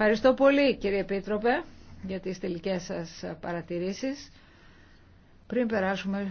Ευχαριστώ πολύ κύριε Επίτροπε για τις τελικές σας παρατηρήσεις. Πριν περάσουμε